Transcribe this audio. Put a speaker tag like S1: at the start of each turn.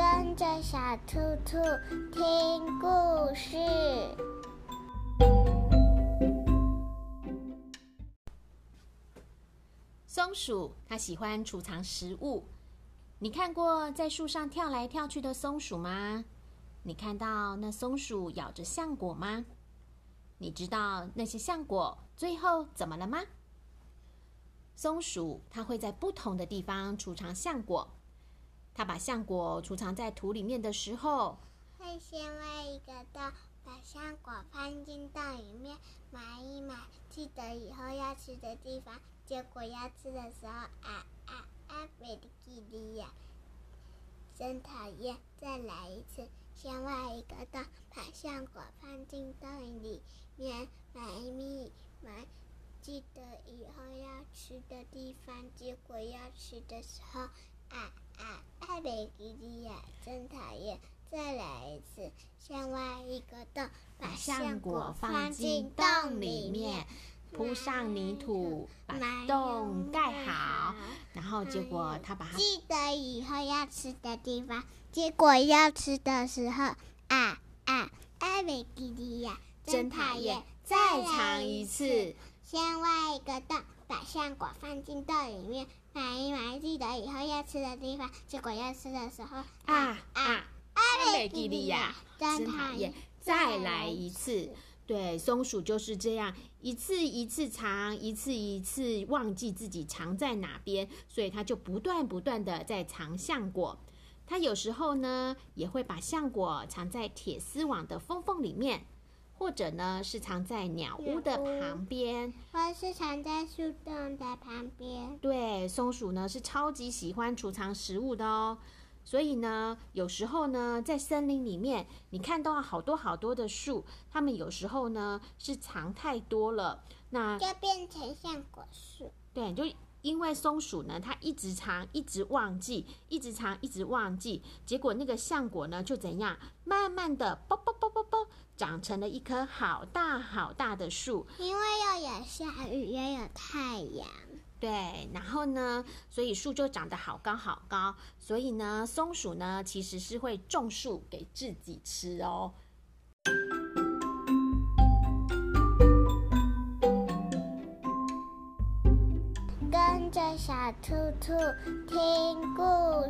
S1: 跟着小兔兔聽故
S2: 事。松鼠它喜歡儲藏食物。你看過在樹上跳來跳去的松鼠嗎？你看到那松鼠咬着橡果嗎？你知道那些橡果最後怎麼了嗎？松鼠它會在不同的地方儲藏橡果。他把橡果儲藏在土裡面的時候，
S1: 會先挖一個洞，把橡果放進洞裡面埋一埋，記得以後要吃的地方。結果要吃的時候，啊啊啊！沒記得啊，真討厭！再來一次，先挖一個洞，把橡果放進洞裡面埋一埋，記得以後要吃的地方。結果要吃的時候，啊啊！艾美吉利亞，真討厭！再來一次，先挖一個
S2: 洞，把橡果放進洞裡面，鋪上泥土，把洞蓋好。然後結果他把它、哎、記得以後
S1: 要吃的地方，結果要吃的時候，啊啊！艾美吉利亞，真討厭！再嘗一次。先挖一個洞，把橡果放進洞裡面，埋一埋，記得以後要吃的地方。結果要吃的時候，啊
S2: 啊，貝、啊啊啊、沒記憶力、啊，真討厭！再來一次，對，松鼠就是這樣，一次一次藏，一次一次忘記自己藏在哪邊，所以它就不斷不斷的在藏橡果。它有時候呢，也會把橡果藏在鐵絲網的縫縫裡面。或者呢，是藏在鳥屋的
S1: 旁邊，或者是藏在樹洞的旁邊。
S2: 對，松鼠呢是超級喜歡儲藏食物的哦。所以呢，有時候呢，在森林裡面，你看到好多好多的樹，它們有時候呢是藏太多了，那就
S1: 變成橡
S2: 果樹。對，就。因為松鼠呢，它一直藏一直忘記，一直藏，一直，藏一直忘記，結果那個橡果呢，就怎樣，慢慢的，啵啵啵啵啵，長成了一棵好大好大的樹。因為又有下雨，又有太陽。對，然後呢，所以樹就長得好高好高。所以呢，松鼠呢，其實是會種樹給自己吃哦。
S1: 這小兔兔聽故事。